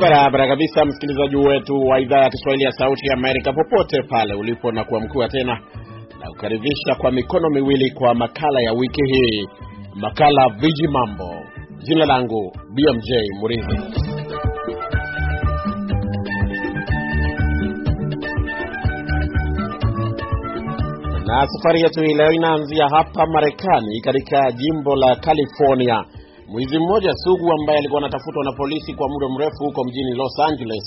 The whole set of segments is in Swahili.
Barabara kabisa, msikilizaji wetu wa idhaa ya Kiswahili ya Sauti ya Amerika, popote pale ulipo, na kuamkiwa tena na kukaribisha kwa mikono miwili kwa makala ya wiki hii, makala Viji Mambo. Jina langu BMJ Muridhi. Na safari yetu hii leo inaanzia hapa Marekani, katika jimbo la California Mwizi mmoja sugu ambaye alikuwa anatafutwa na polisi kwa muda mrefu huko mjini Los Angeles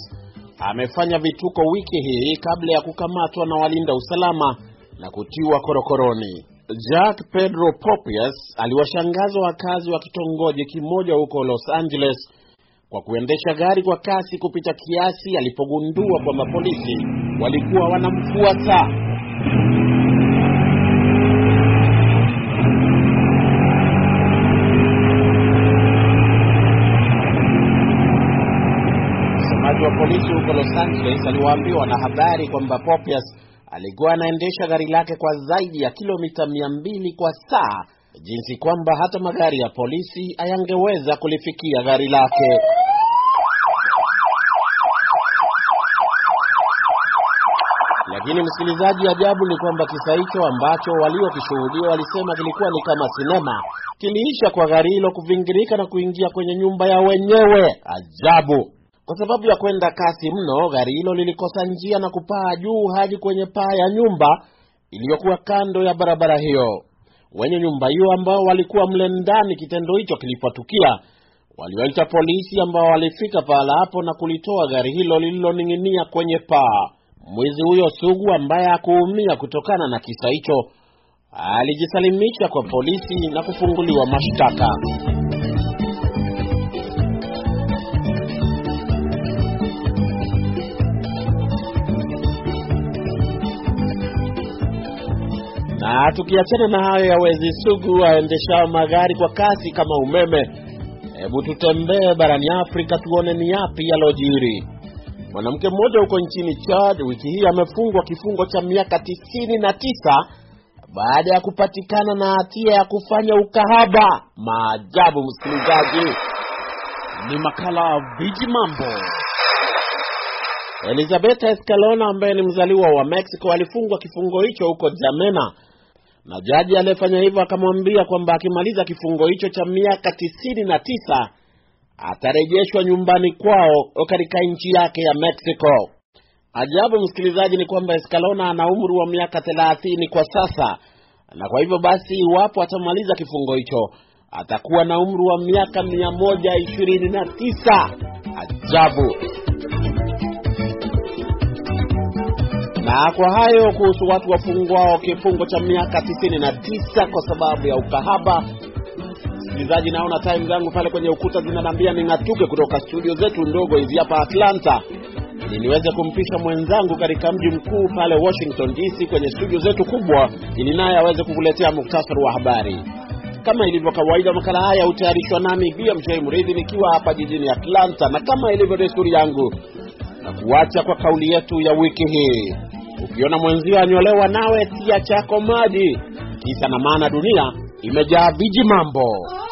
amefanya vituko wiki hii kabla ya kukamatwa na walinda usalama na kutiwa korokoroni. Jack Pedro Popius aliwashangaza wakazi wa kitongoji kimoja huko Los Angeles kwa kuendesha gari kwa kasi kupita kiasi alipogundua kwamba polisi walikuwa wanamfuata. Msemaji wa polisi huko Los Angeles aliwaambia wanahabari kwamba Popius alikuwa anaendesha gari lake kwa zaidi ya kilomita mbili kwa saa, jinsi kwamba hata magari ya polisi hayangeweza kulifikia gari lake. Lakini msikilizaji, ajabu ni kwamba kisa hicho ambacho waliokishuhudia walisema kilikuwa ni kama sinema kiliisha kwa gari hilo kuvingirika na kuingia kwenye nyumba ya wenyewe. Ajabu. Kwa sababu ya kwenda kasi mno, gari hilo lilikosa njia na kupaa juu hadi kwenye paa ya nyumba iliyokuwa kando ya barabara hiyo. Wenye nyumba hiyo ambao walikuwa mle ndani kitendo hicho kilipotukia, waliwaita polisi ambao walifika pahala hapo na kulitoa gari hilo lililoning'inia kwenye paa. Mwizi huyo sugu ambaye hakuumia kutokana na kisa hicho alijisalimisha kwa polisi na kufunguliwa mashtaka. Na tukiachana na hayo ya wezi sugu waendeshao magari kwa kasi kama umeme, hebu tutembee barani Afrika tuone ni yapi yalojiri. Mwanamke mmoja huko nchini Chad wiki hii amefungwa kifungo cha miaka tisini na tisa baada ya kupatikana na hatia ya kufanya ukahaba. Maajabu, msikilizaji, ni makala Viji Mambo. Elizabeth Escalona ambaye ni mzaliwa wa Mexico alifungwa kifungo hicho huko Jamena na jaji aliyefanya hivyo akamwambia kwamba akimaliza kifungo hicho cha miaka tisini na tisa atarejeshwa nyumbani kwao katika nchi yake ya Mexico. Ajabu msikilizaji, ni kwamba Escalona ana umri wa miaka thelathini kwa sasa, na kwa hivyo basi, iwapo atamaliza kifungo hicho atakuwa na umri wa miaka mia moja ishirini na tisa. Ajabu. Na kwa hayo kuhusu watu wafungwao kifungo cha miaka 99 kwa sababu ya ukahaba. Msikilizaji, naona time zangu pale kwenye ukuta zinanambia ning'atuke kutoka studio zetu ndogo hizi hapa Atlanta ili niweze kumpisha mwenzangu katika mji mkuu pale Washington DC kwenye studio zetu kubwa, ili naye aweze kukuletea muktasari wa habari. Kama ilivyo kawaida, makala haya hutayarishwa nami BMJ Mridhi nikiwa hapa jijini Atlanta, na kama ilivyo desturi yangu, na kuacha kwa kauli yetu ya wiki hii ukiona mwenzio anyolewa nawe tia chako maji. Kisa na maana, dunia imejaa viji mambo.